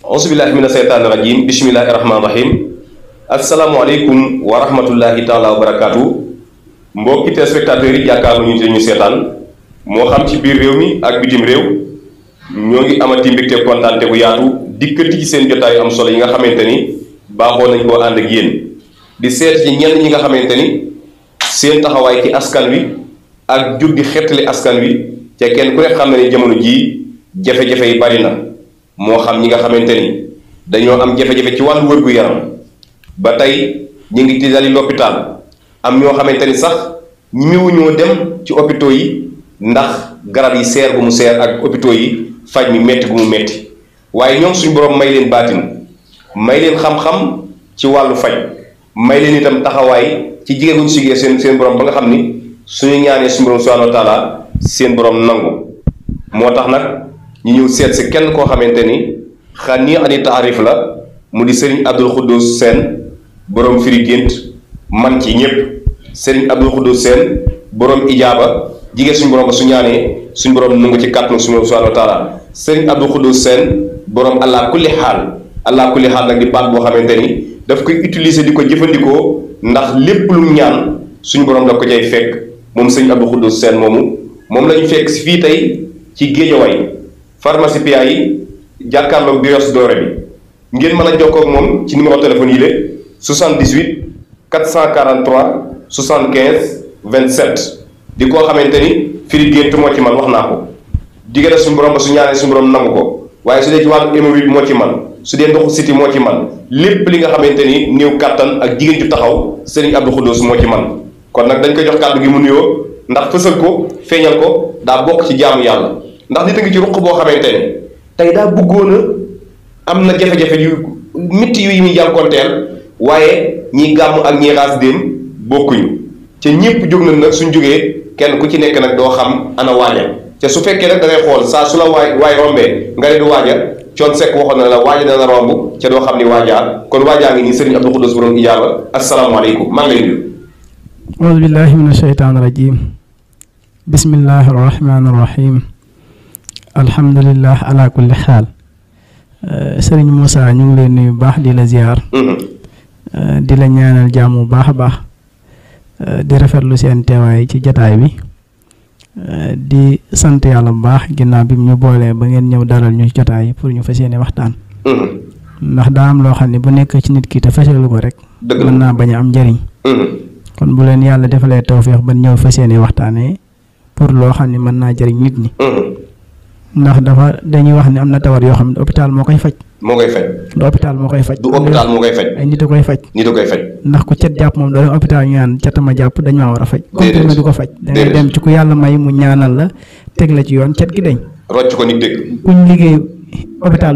A'udzu billahi من الشيطان الرجيم بسم الله الرحمن الرحيم السلام عليكم ورحمة الله تعالى وبركاته mbokki téléspectateurs yi jàkkaaru ñu ñu seetaan mo xam ci biir réew mi ak bitim réew ñogi amati mbikté contenté bu yaatu dikkati ci seen jotay am solo yi nga xamanteni ni baaxoo nañ ko and ak yeen di sét ci ñen ñi nga xamanteni ni seen taxaway ci askan wi ak jug di askan wi té kenn ku rek xamné jamono jii yi bari na moo xam ñi nga xamante ni dañoo am batai, jafe ci wàllu wërgu yaram ba tey ñu ngi tisali l'hôpital am ñoo xamante ni sax ñimiwuñoo dem ci hôpitaux yi ndax garab yi seer gu mu seer ak hôpitaux yi faj mi metti gu mu metti suñu borom may leen may leen xam-xam ci faj may leen itam taxawaay ci jigéen guñ sigee seen seen borom ba nga xam suñu suñu borom subhanahu wa taala seen borom nangu ñu ñëw seet si kenn ko xamanteni ni xani ani taarif la mu di serigne abdul xuddus Sen, borom firi man ci ñëpp serigne abdul xuddus Sen, borom Ijaba, jige suñu borom su ñaané suñu borom nungu ci katnu suñu subhanahu wa ta'ala serigne abdou sen borom allah kulli hal allah kulli hal nak di baat bo xamanteni daf koy utiliser diko jëfëndiko ndax lepp lu ñaan suñu borom da ko jey fekk mom serigne abdou sen momu mom lañu fekk fi tay ci pharmacie PAI jakarlo bios dore bi ngeen mëna jokk ak mom ci numéro téléphone yi le 78 443 75 27 di ko xamanteni firi gentu mo ci man wax nako digëna suñu borom su ñaané suñu borom nangu ko waye su dé ci walu hémorroïde mo ci man su dé ndoxu city mo ci man lepp li nga xamanteni new carton ak jigen ju taxaw serigne abdou khodous mo ci man kon nak dañ ko jox kaddu gi mu nuyo ndax fessel ko feñal ko da bok ci jaamu yalla ndax nit a ci ruq boo xamante ne tey daa bëggoon a am na jafe-jafe yu métti yu muy jànkonteel waaye ñiy gàmm ak ñiy raas déem bokkuñu ca ñëpp jóg nañ nag suñ jógee kenn ku ci nekk nag doo xam ana waaja ca su fekkee nag da xool saa su la waay waay rombee nga ne du waaja coon sekk waxoon na la waaja dana romb ca doo xam ni waajaa kon waajaa ngi nii sëriñ Abdou Khoudous borom ijaaba asalaamaaleykum maa ngi lay nuyu auzu billahi min asheytaan rajim bismillahi rahmaani rahim alhamdulilah ala kulli xaal euh, sëriñ Moussa ñu ngi leen nuyu baax di la ziar. Mm-hmm. Euh, di la ñaanal jàmm bu baax a baax euh, di rafetlu seen teewaay ci jataay bi di sant yàlla bu baax ginnaaw bi ñu boolee ba ngeen ñëw dalal ñu jotaay pour ñu fas yéene waxtaan. Mm-hmm. ndax daa loo xam ne bu nekk ci nit ki te fasalu ko rek. mën naa bañ a am njëriñ. Mm-hmm. kon bu leen yàlla defalee tawféex ba ñëw fas yéene waxtaanee pour loo xam ne mën naa jëriñ nit ñi. ndax dafa dañuy wax ne am na tawar yoo xam ne hôpital moo koy faj. moo koy faj. du hôpital moo koy faj. du hôpital moo koy faj. ay a koy faj. a koy a faj. comprimé du da ngay dem ci ku yàlla may mu la teg ci yoon cet gi dañ. rocc ko nit dëgg.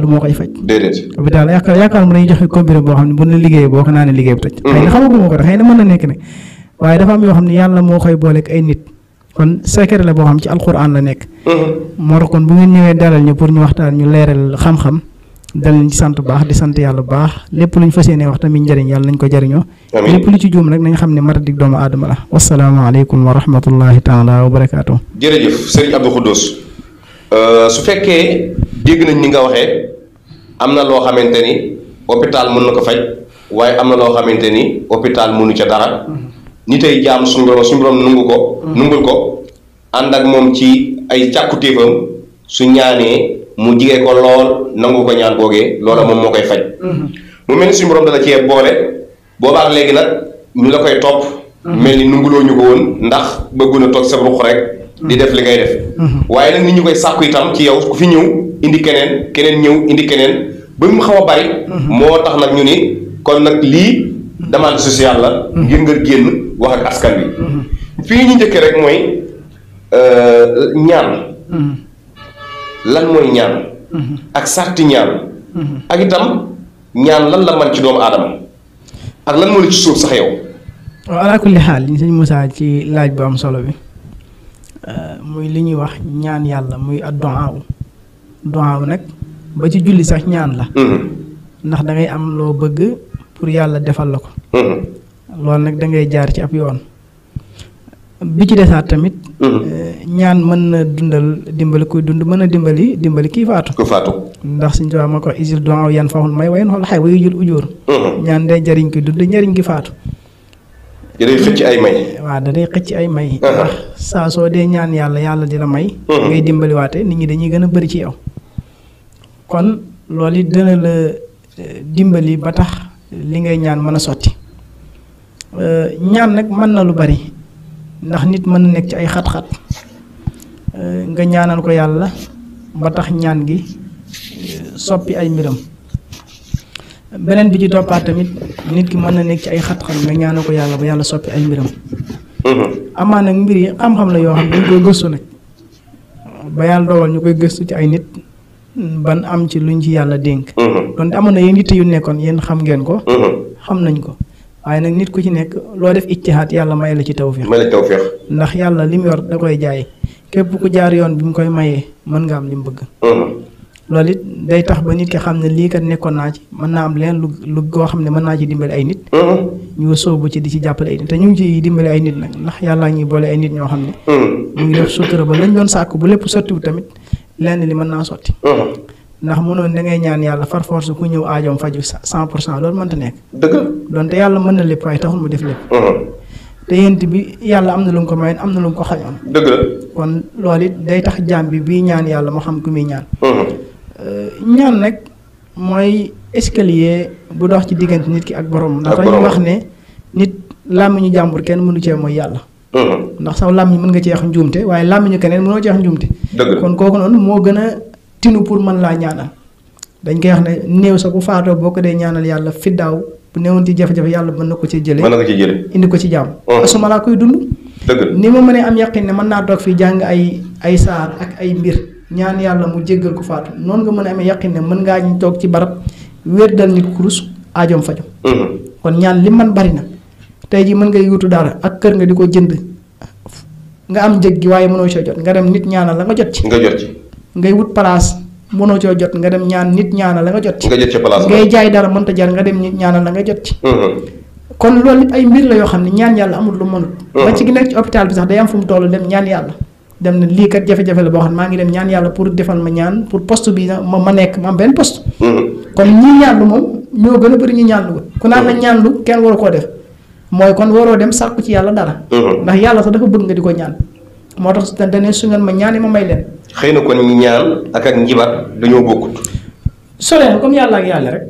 moo koy faj. déedéet. hôpital yaakaar yaakaar mu dañuy joxe comprimé boo xam ne bu ñu boo ko naanee liggéey bu tëj. Mm-hmm. xëy na xamaguma ko nekk ne waaye dafa am yoo xam ne yàlla moo koy booleeg ay nit kon secret la bo xam ci alquran la nek mhm. mo tax kon bu ngeen ñewé dalal ñu pour ñu waxtaan ñu léral xam-xam. dal ñu ci sant baax di sant yalla baax lepp luñu fassiyene fas yéene wax tamit njëriñ yàlla nañ ko jariño lepp lu ci joom nak nañ xam mar maradik doomu adama la. alaykum wa rahmatullahi taala wa barakatuh jerejeuf serigne Abdou euh su fekke deg nañ ni nga waxee amna lo xamanteni hôpital mënu ko faj waye amna lo xamanteni hôpital mënu ci dara. Mhm. nitay jaamu suñu borom suñu borom nungu ko. Mm-hmm. nungul ko ànd ak moom ci ay càkkutéefam su ñaanee mu jigee ko lool nangu ko ñaan googee loola moom moo koy faj. Mm-hmm. mu mel ni suñu borom dala cee boole boobaa léegi nag ñu la koy topp. Mm-hmm. mel ni nunguloo ñu ko woon ndax bëggu na toog sa ruq rek. di def li ngay def. waaye nag nit ñu koy sàkku itam ci yow ku fi ñëw indi keneen keneen ñëw indi keneen ba mu xaw a bari. moo tax nag ñu ni kon nag lii demande sociale la. ngir nga génn. wax ak askan bi mhm. fii ñu njëkkee rek mooy euh, ñaan mhm. lan mooy ñaan mhm. ak sarti ñaan ak itam ñaan lan la man ci doomu aadama ak lan moo la ci suuf sax yow waaw alaa xaal ñu sëñ Moussa ci laaj bu am solo bi euh, muy li ñuy wax ñaan yàlla muy ad duwaaw duwaaw nag ba ci julli sax ñaan la ndax da ngay am loo bëgg pour yàlla defal la ko loolu nag da ngay jaar ci ab yoon bi ci desaat tamit. Mm-hmm. Eh, ñaan mën na dundal dimbali kuy dund mën a dimbali dimbali kii faatu. ku faatu ndax suñu tubaab ma ko isil doon aw yan faaxul may wayen xool xay wayu jul mm-hmm. ñaan day jariñ ki dund njariñ ki faatu. day xëcc ay may. Eh, waaw da uh-huh. saa soo dee ñaan yàlla yàlla di la may. Mm-hmm. ngay dimbaliwaate nit ñi dañuy gën a bëri ci yow. kon loolu it dana eh, dimbali ba tax li ngay ñaan mën a sotti. Euh, ñaan nak man na lu bari ndax nit mën nek ci ay xat-xat euh, nga ñaanal ko yalla ba tax ñaan gi euh, soppi ay miram benen bi ci topa tamit nit ki mën na nekk ci ay xat-xat nga ñaanal ko yalla ba yalla soppi ay miram mm-hmm. amaa nag mbir yi xam-xam la yo xam dañ koy nak ba yalla ñukoy ci ay nit ban am ci luñ ci yalla denk mm-hmm. donte amana yeen nit yu nekkon yeen xam ngeen ko mm-hmm. xam nañ ko waaye nag nit ku ci nekk loo def ijtihaad yàlla may la ci tawféex. may la tawféex. ndax yàlla li mu yor da koy jaay képp ku jaar yoon bi mu koy mayee mën nga am li mu bëgg. Mm-hmm. loolu it day tax ba nit ki xam ne lii kat nekkoon naa ci mën naa am leen lu lu goo xam ne mën naa ci dimbali ay nit. Mm-hmm. ñu sóobu ci di ci jàppale ay nit te ñu ngi ciy dimbali ay nit nag ndax yàlla ñuy boole ay nit ñoo xam ne. mu mm-hmm. ngi def sutura ba lañ doon sàkk bu lépp sottiwul tamit lenn li mën naa sotti. ndax mënoon da ngay ñaan yàlla far force ku ñëw aajoom faju cent pour cent loolu nekk. dëgg donte yàlla mën na lépp waaye taxul mu def lépp. Mm-hmm. te yéen bi yàlla am na lu mu ko mayoon am na lu mu ko xañoon. dëgg la kon loolu it day tax jaam bii ñaan yàlla moo xam ku muy ñaan. Mm-hmm. Euh, ñaan nag mooy escalier bu dox ci diggante nit ki ak borom. ndax dañuy wax ne nit làmmiñu jàmbur kenn mënu cee mooy yàlla. Mm-hmm. ndax sax làmmiñ mun nga ceex wax njuumte waaye làmmiñu keneen mënoo cee njuumte. kon kooku noonu moo gën a tinu pour mën laa ñaanal dañ koy wax ne néew sa bu faatoo boo ko dee ñaanal yàlla fiddaaw bu néewoon ci jafe-jafe yàlla mën na ko ci jëlee. mën na indi ko ci jàmm. Oh. asuma laa koy dund. dëgg ni ma mënee am yaqin ne mën naa toog fii jàng ay ay saar ay mbir ñaan yàlla mu jéggal ko faatu noonu nga mën a amee yaqin ne mën ngaa ñu toog ci barab wér dal nit kurus aajoom fajo mm-hmm. kon ñaan li man bari na tey jii mën ngay yuutu dara ak kër nga di ko jënd nga am njëg gi waaye mënoo soo jot nga dem nit ñaanal la nga jot ci nga jot ci ngay wut place mono ci jot nga dem ñaan nit ñaanal la nga jot ci nga jot ci place ngay jaay dara mënta jaar nga dem nit ñaanal la nga jot ci mm-hmm. kon lool it ay mbir la yo xamni ñaan yalla amul lu mënut mm-hmm. ba ci gi nekk ci hôpital bi sax day am fu mu tollu dem ñaan yalla dem na li kat jafe-jafe la bo xamni ma ngi dem ñaan yalla pour defal ma ñaan pour poste bi ma ma nek ma am poste mm-hmm. kon ñi lu moom ñoo gën a bëri ñu ñaanlu ku naan la lu kenn waru ko def moy kon waro dem sakku ci yalla dara ndax yalla sax dafa bëgg nga diko ñaan motax da dañe su ngeen ma ñaane ma may leen xeyna kon ñaan ak ak njibar dañu bokkut sore na comme yalla ak yalla rek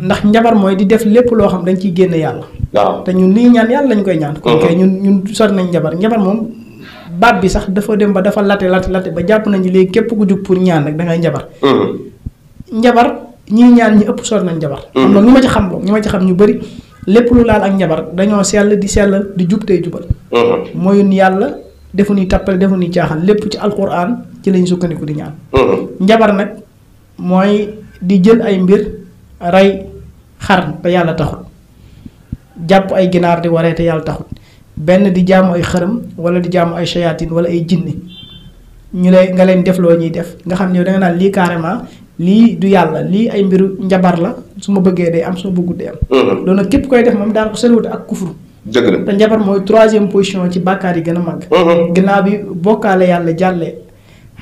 ndax njabar moy di def lepp lo xam dañ ci génn yalla da te ñun ni ñaan yalla lañ koy ñaan ko kay ñun ñun sor nañ njabar njabar mom baat bi sax dafa dem ba dafa laté laté laté ba japp nañ li képp ku juk pour ñaan rek da ngay njabar njabar ñi ñaan ñi ëpp sor nañ njabar am na ci xam boog ci xam ñu bari lepp lu laal ak njabar dañoo sel di sel di jup tay jubal mooyun yalla defu ni tapel defu ni caaxaan lepp ci alquran ci lañ sukkandiku di ñaan mhm. njabar nak moy di jël ay mbir ray xar ba yalla taxul japp ay ginar di waré te yalla taxul ben di jaamu ay xërem wala di jaamu ay shayatin wala ay jinni ñu lay nga leen def lo ñuy def nga xamni da nga na li carrément li du yalla li ay mbiru njabar la suma ma bëggee day am su bëggu bëggut day am mhm. loolu koy def mom daan ko ak kufru dëgg la te njabar mooy troisième position ci bàkkaar yi gën a mag. Mm-hmm. ginnaaw bi bokkaale yàlla jàlle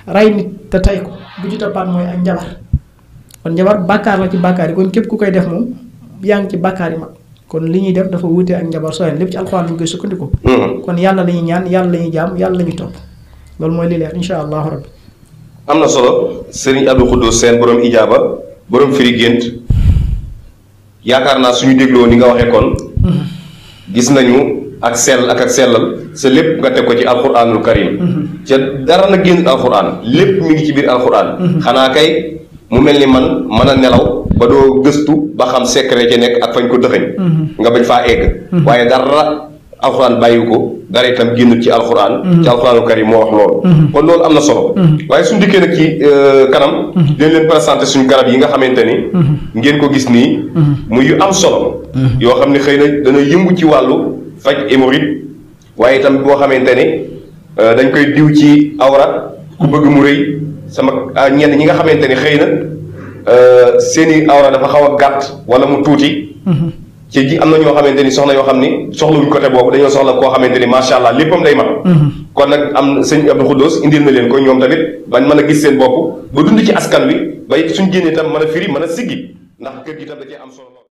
rey nit te tey ko bu ci toppaat mooy ak njabar kon njabar bàkkaar la ci bàkkaar yi kon képp ku koy def moom yaa ngi ci bàkkaar yi kon li ñuy def dafa wuute ak njabar sooy lépp ci sukkandiku. Mm-hmm. kon yàlla la ñuy ñaan yàlla lañuy ñuy jaam yàlla la ñuy topp loolu mooy li leer incha allahu rabbi. am na solo Serigne Abdou Khoudous seen borom ijaaba borom firi gént yaakaar naa suñu dégloo ni nga waxee kon. Mm-hmm. gis nañu ak sell ak ak sellal sa lépp nga teg ko ci alxuraanul karim ca dara na génn alxuraan lépp mi ngi ci biir alxuraan xanaa kay mu mel ni man man a nelaw ba doo gëstu ba xam secret ci nekk ak fañ ko dëxëñ nga bañ faa egg mm-hmm. waaye dara alquran bayiko dara itam gennu ci alquran mhm. ci alquranul karim mo wax loolu mhm. kon loolu amna solo mhm. waye suñu dikke nak ci euh, kanam den leen présenté suñu garab yi nga xamanteni ngeen ko gis ni muy yu am solo yo xamni xeyna xëy dana yëngu ci walu faj emorid waye itam bo xamanteni euh, dañ koy diw ci awra ku bëgg mu reuy sama ah, ñen ñi nga xamanteni xeyna euh na seeni awra dafa xawa gatt wala mu tuti ci ji am na ñoo xamante ni soxna yoo xam ni soxlawuñ côté boobu dañoo soxla koo xamante ni macha allah léppam day mat. Mhm. kon nag am sëñ Abdou Khoudous na leen ko ñoom tamit bañ mën a gis seen bopp ba dund ci askan wi ba suñ génnee tam mën a firi mën a siggi ndax kër gi tam da cee am solo.